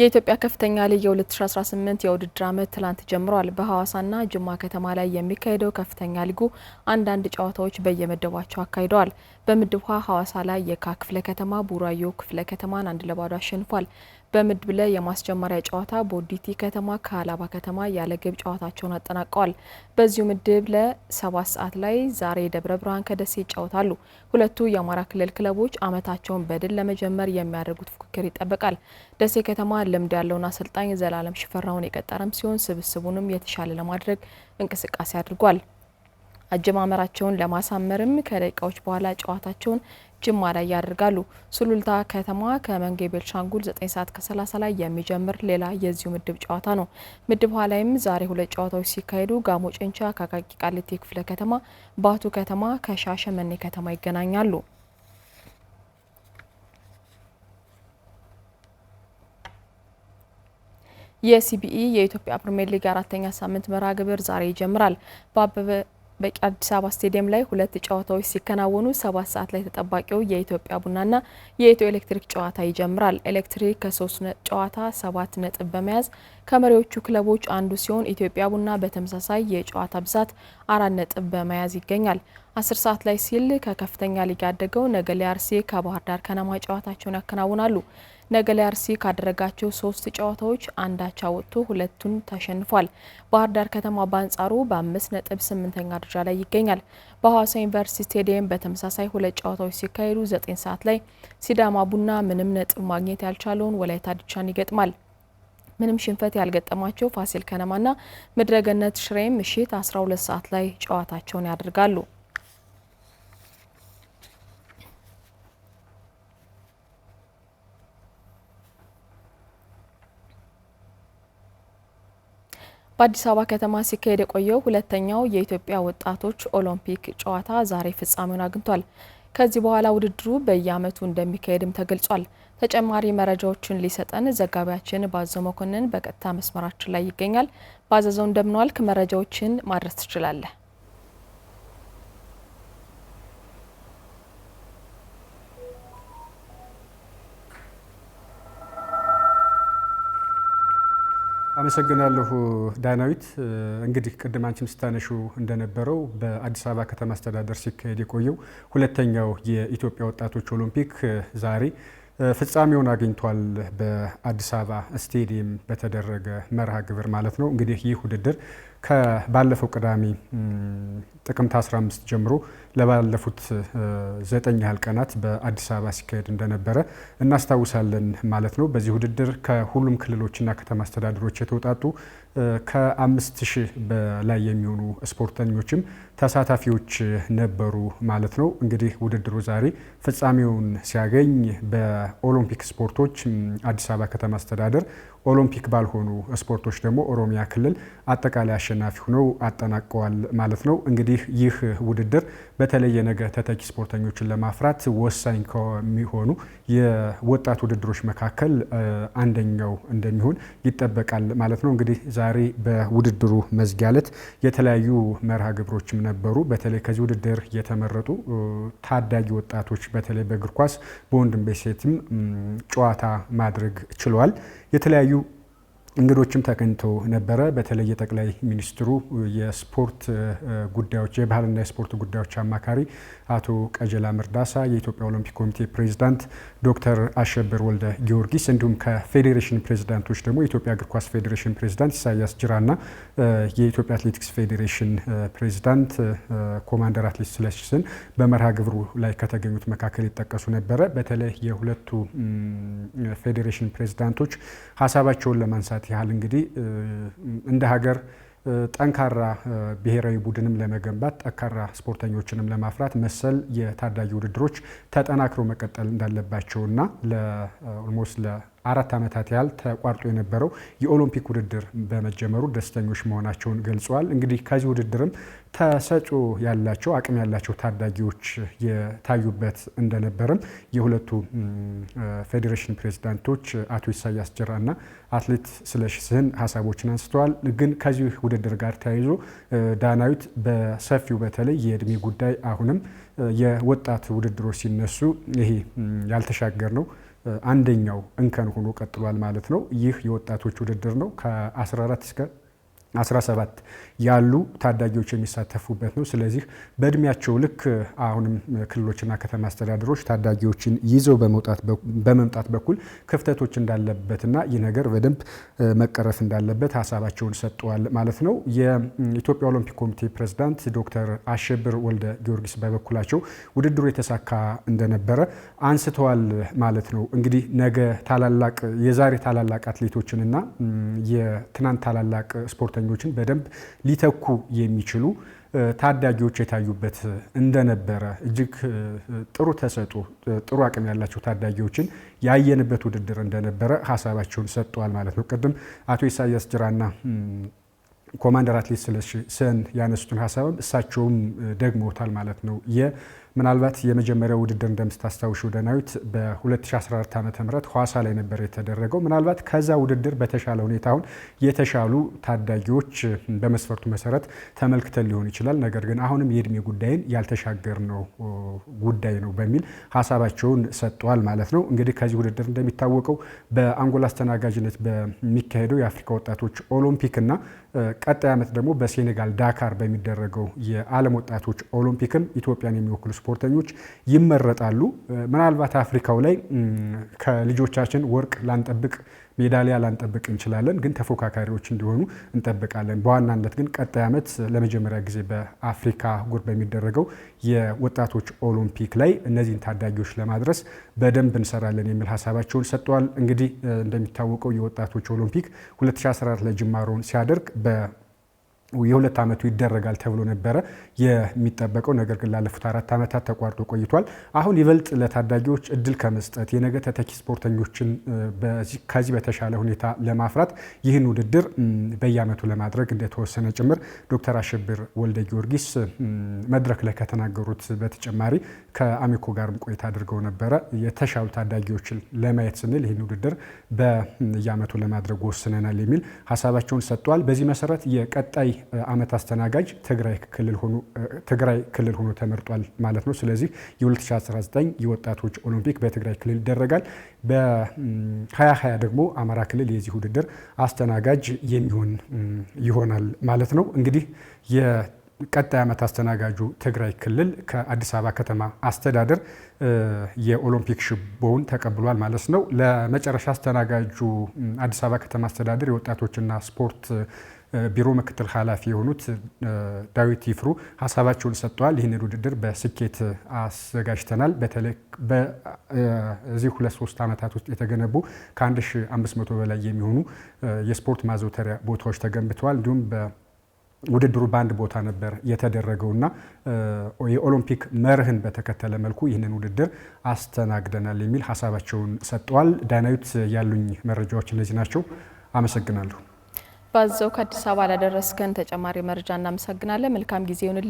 የኢትዮጵያ ከፍተኛ ሊግ የ2018 የውድድር ዓመት ትላንት ጀምሯል። በሐዋሳና ጅማ ከተማ ላይ የሚካሄደው ከፍተኛ ሊጉ አንዳንድ ጨዋታዎች በየምድባቸው አካሂደዋል። በምድብ ሀ ሐዋሳ ላይ የካ ክፍለ ከተማ ቡራዮ ክፍለ ከተማን አንድ ለባዶ አሸንፏል። በምድብ ላይ የማስጀመሪያ ጨዋታ ቦዲቲ ከተማ ከሀላባ ከተማ ያለ ግብ ጨዋታቸውን አጠናቀዋል። በዚሁ ምድብ ለ ሰዓት ላይ ዛሬ ደብረ ብርሃን ከደሴ ይጫወታሉ። ሁለቱ የአማራ ክልል ክለቦች ዓመታቸውን በድል ለመጀመር የሚያደርጉት ፉክክር ይጠበቃል። ደሴ ከተማ ልምድ ያለውን አሰልጣኝ ዘላለም ሽፈራውን የቀጠረም ሲሆን ስብስቡንም የተሻለ ለማድረግ እንቅስቃሴ አድርጓል። አጀማመራቸውን ለማሳመርም ከደቂቃዎች በኋላ ጨዋታቸውን ጅማ ላይ ያደርጋሉ። ሱሉልታ ከተማ ከመንጌ ቤልሻንጉል 9 ሰዓት ከ30 ላይ የሚጀምር ሌላ የዚሁ ምድብ ጨዋታ ነው። ምድብ ኋ ላይም ዛሬ ሁለት ጨዋታዎች ሲካሄዱ ጋሞ ጭንቻ ከአቃቂ ቃሊቲ ክፍለ ከተማ፣ ባቱ ከተማ ከሻሸመኔ ከተማ ይገናኛሉ። የሲቢኢ የኢትዮጵያ ፕሪምየር ሊግ አራተኛ ሳምንት መርሃ ግብር ዛሬ ይጀምራል። በአዲስ አበባ ስቴዲየም ላይ ሁለት ጨዋታዎች ሲከናወኑ ሰባት ሰዓት ላይ ተጠባቂው የኢትዮጵያ ቡናና የኢትዮ ኤሌክትሪክ ጨዋታ ይጀምራል። ኤሌክትሪክ ከሶስት ጨዋታ ሰባት ነጥብ በመያዝ ከመሪዎቹ ክለቦች አንዱ ሲሆን ኢትዮጵያ ቡና በተመሳሳይ የጨዋታ ብዛት አራት ነጥብ በመያዝ ይገኛል። አስር ሰዓት ላይ ሲል ከከፍተኛ ሊግ ያደገው ነገሌ አርሲ ከባህር ዳር ከነማ ጨዋታቸውን ያከናውናሉ። ነገሌ ካደረጋቸው ሶስት ጨዋታዎች አንድ አቻ ወጥቶ ሁለቱን ተሸንፏል። ባህር ዳር ከተማ በአንጻሩ በአምስት ነጥብ ስምንተኛ ደረጃ ላይ ይገኛል። በሐዋሳ ዩኒቨርሲቲ ስቴዲየም በተመሳሳይ ሁለት ጨዋታዎች ሲካሄዱ ዘጠኝ ሰዓት ላይ ሲዳማ ቡና ምንም ነጥብ ማግኘት ያልቻለውን ወላይታ ድቻን ይገጥማል። ምንም ሽንፈት ያልገጠማቸው ፋሲል ከነማና ምድረገነት ሽሬም ምሽት 12 ሰዓት ላይ ጨዋታቸውን ያደርጋሉ። በአዲስ አበባ ከተማ ሲካሄድ የቆየው ሁለተኛው የኢትዮጵያ ወጣቶች ኦሎምፒክ ጨዋታ ዛሬ ፍጻሜውን አግኝቷል። ከዚህ በኋላ ውድድሩ በየዓመቱ እንደሚካሄድም ተገልጿል። ተጨማሪ መረጃዎችን ሊሰጠን ዘጋቢያችን ባዘው መኮንን በቀጥታ መስመራችን ላይ ይገኛል። ባዘዘው እንደምንዋልክ መረጃዎችን ማድረስ ትችላለህ? አመሰግናለሁ ዳናዊት። እንግዲህ ቅድም አንቺም ስታነሹ እንደነበረው በአዲስ አበባ ከተማ አስተዳደር ሲካሄድ የቆየው ሁለተኛው የኢትዮጵያ ወጣቶች ኦሎምፒክ ዛሬ ፍጻሜውን አግኝቷል። በአዲስ አበባ ስቴዲየም በተደረገ መርሃ ግብር ማለት ነው። እንግዲህ ይህ ውድድር ከባለፈው ቅዳሜ ጥቅምት 15 ጀምሮ ለባለፉት ዘጠኝ ያህል ቀናት በአዲስ አበባ ሲካሄድ እንደነበረ እናስታውሳለን ማለት ነው። በዚህ ውድድር ከሁሉም ክልሎችና ከተማ አስተዳደሮች የተውጣጡ ከአምስት ሺህ በላይ የሚሆኑ ስፖርተኞችም ተሳታፊዎች ነበሩ ማለት ነው። እንግዲህ ውድድሩ ዛሬ ፍጻሜውን ሲያገኝ በኦሎምፒክ ስፖርቶች አዲስ አበባ ከተማ አስተዳደር ኦሎምፒክ ባልሆኑ ስፖርቶች ደግሞ ኦሮሚያ ክልል አጠቃላይ አሸናፊ ሆነው አጠናቀዋል ማለት ነው። እንግዲህ እንግዲህ ይህ ውድድር በተለይ የነገ ተተኪ ስፖርተኞችን ለማፍራት ወሳኝ ከሚሆኑ የወጣት ውድድሮች መካከል አንደኛው እንደሚሆን ይጠበቃል ማለት ነው። እንግዲህ ዛሬ በውድድሩ መዝጊያ ዕለት የተለያዩ መርሃ ግብሮችም ነበሩ። በተለይ ከዚህ ውድድር የተመረጡ ታዳጊ ወጣቶች በተለይ በእግር ኳስ በወንድም በሴትም ጨዋታ ማድረግ ችለዋል። የተለያዩ እንግዶችም ተገኝቶ ነበረ። በተለይ የጠቅላይ ሚኒስትሩ የስፖርት ጉዳዮች የባህልና የስፖርት ጉዳዮች አማካሪ አቶ ቀጀላ መርዳሳ፣ የኢትዮጵያ ኦሎምፒክ ኮሚቴ ፕሬዚዳንት ዶክተር አሸብር ወልደ ጊዮርጊስ እንዲሁም ከፌዴሬሽን ፕሬዚዳንቶች ደግሞ የኢትዮጵያ እግር ኳስ ፌዴሬሽን ፕሬዚዳንት ኢሳያስ ጅራና የኢትዮጵያ አትሌቲክስ ፌዴሬሽን ፕሬዚዳንት ኮማንደር አትሌት ስለሽስን በመርሃ ግብሩ ላይ ከተገኙት መካከል ይጠቀሱ ነበረ። በተለይ የሁለቱ ፌዴሬሽን ፕሬዚዳንቶች ሀሳባቸውን ለማንሳት ለማንሳት ያህል እንግዲህ እንደ ሀገር ጠንካራ ብሔራዊ ቡድንም ለመገንባት ጠንካራ ስፖርተኞችንም ለማፍራት መሰል የታዳጊ ውድድሮች ተጠናክሮ መቀጠል እንዳለባቸውና ለኦልሞስት አራት ዓመታት ያህል ተቋርጦ የነበረው የኦሎምፒክ ውድድር በመጀመሩ ደስተኞች መሆናቸውን ገልጸዋል። እንግዲህ ከዚህ ውድድርም ተሰጮ ያላቸው አቅም ያላቸው ታዳጊዎች የታዩበት እንደነበርም የሁለቱ ፌዴሬሽን ፕሬዚዳንቶች አቶ ኢሳያስ ጅራና አትሌት ስለሺ ስህን ሀሳቦችን አንስተዋል። ግን ከዚህ ውድድር ጋር ተያይዞ ዳናዊት በሰፊው በተለይ የእድሜ ጉዳይ አሁንም የወጣት ውድድሮች ሲነሱ ይሄ ያልተሻገር ነው አንደኛው እንከን ሆኖ ቀጥሏል ማለት ነው። ይህ የወጣቶች ውድድር ነው ከ14 እስከ 17 ያሉ ታዳጊዎች የሚሳተፉበት ነው። ስለዚህ በእድሜያቸው ልክ አሁንም ክልሎችና ከተማ አስተዳደሮች ታዳጊዎችን ይዘው በመምጣት በኩል ክፍተቶች እንዳለበትና ይህ ነገር በደንብ መቀረፍ እንዳለበት ሀሳባቸውን ሰጥተዋል ማለት ነው። የኢትዮጵያ ኦሎምፒክ ኮሚቴ ፕሬዝዳንት ዶክተር አሸብር ወልደ ጊዮርጊስ በበኩላቸው ውድድሩ የተሳካ እንደነበረ አንስተዋል ማለት ነው። እንግዲህ ነገ ታላላቅ የዛሬ ታላላቅ አትሌቶችንና የትናንት ታላላቅ ስፖርት ሰራተኞችን በደንብ ሊተኩ የሚችሉ ታዳጊዎች የታዩበት እንደነበረ እጅግ ጥሩ ተሰጡ ጥሩ አቅም ያላቸው ታዳጊዎችን ያየንበት ውድድር እንደነበረ ሀሳባቸውን ሰጥተዋል ማለት ነው። ቅድም አቶ ኢሳያስ ጅራና ኮማንደር አትሌት ስለሺ ስህን ያነሱትን ሀሳብም እሳቸውም ደግሞታል ማለት ነው። ምናልባት የመጀመሪያው ውድድር እንደምታስታውሹ ደናዊት በ2014 ዓ ም ሐዋሳ ላይ ነበር የተደረገው። ምናልባት ከዛ ውድድር በተሻለ ሁኔታ አሁን የተሻሉ ታዳጊዎች በመስፈርቱ መሰረት ተመልክተን ሊሆን ይችላል። ነገር ግን አሁንም የእድሜ ጉዳይን ያልተሻገር ነው ጉዳይ ነው በሚል ሀሳባቸውን ሰጥተዋል ማለት ነው። እንግዲህ ከዚህ ውድድር እንደሚታወቀው በአንጎላ አስተናጋጅነት በሚካሄደው የአፍሪካ ወጣቶች ኦሎምፒክ እና ቀጣይ ዓመት ደግሞ በሴኔጋል ዳካር በሚደረገው የዓለም ወጣቶች ኦሎምፒክም ኢትዮጵያን የሚወክሉ ስፖርተኞች ይመረጣሉ። ምናልባት አፍሪካው ላይ ከልጆቻችን ወርቅ ላንጠብቅ ሜዳሊያ ላንጠብቅ እንችላለን፣ ግን ተፎካካሪዎች እንዲሆኑ እንጠብቃለን። በዋናነት ግን ቀጣይ ዓመት ለመጀመሪያ ጊዜ በአፍሪካ ጉር በሚደረገው የወጣቶች ኦሎምፒክ ላይ እነዚህን ታዳጊዎች ለማድረስ በደንብ እንሰራለን የሚል ሀሳባቸውን ሰጥተዋል። እንግዲህ እንደሚታወቀው የወጣቶች ኦሎምፒክ 2014 ላይ ጅማሮውን ሲያደርግ በ የሁለት ዓመቱ ይደረጋል ተብሎ ነበረ የሚጠበቀው። ነገር ግን ላለፉት አራት ዓመታት ተቋርጦ ቆይቷል። አሁን ይበልጥ ለታዳጊዎች እድል ከመስጠት የነገ ተተኪ ስፖርተኞችን ከዚህ በተሻለ ሁኔታ ለማፍራት ይህን ውድድር በየዓመቱ ለማድረግ እንደተወሰነ ጭምር ዶክተር አሸብር ወልደ ጊዮርጊስ መድረክ ላይ ከተናገሩት በተጨማሪ ከአሚኮ ጋርም ቆይታ አድርገው ነበረ። የተሻሉ ታዳጊዎችን ለማየት ስንል ይህን ውድድር በየዓመቱ ለማድረግ ወስነናል የሚል ሀሳባቸውን ሰጥተዋል። በዚህ መሰረት የቀጣይ ዓመት አስተናጋጅ ትግራይ ክልል ሆኖ ተመርጧል ማለት ነው። ስለዚህ የ2019 የወጣቶች ኦሎምፒክ በትግራይ ክልል ይደረጋል። በ2020 ደግሞ አማራ ክልል የዚህ ውድድር አስተናጋጅ የሚሆን ይሆናል ማለት ነው። እንግዲህ የቀጣይ ዓመት አስተናጋጁ ትግራይ ክልል ከአዲስ አበባ ከተማ አስተዳደር የኦሎምፒክ ሽቦውን ተቀብሏል ማለት ነው። ለመጨረሻ አስተናጋጁ አዲስ አበባ ከተማ አስተዳደር የወጣቶችና ስፖርት ቢሮ ምክትል ኃላፊ የሆኑት ዳዊት ይፍሩ ሀሳባቸውን ሰጥተዋል። ይህንን ውድድር በስኬት አዘጋጅተናል። በተለይ በዚህ ሁለት ሶስት ዓመታት ውስጥ የተገነቡ ከ1500 በላይ የሚሆኑ የስፖርት ማዘውተሪያ ቦታዎች ተገንብተዋል። እንዲሁም ውድድሩ በአንድ ቦታ ነበር የተደረገውና የኦሎምፒክ መርህን በተከተለ መልኩ ይህንን ውድድር አስተናግደናል የሚል ሀሳባቸውን ሰጠዋል። ዳናዊት፣ ያሉኝ መረጃዎች እነዚህ ናቸው። አመሰግናለሁ። ባዘው ከአዲስ አበባ ላደረስከን ተጨማሪ መረጃ እናመሰግናለን። መልካም ጊዜ ይሁንልህ።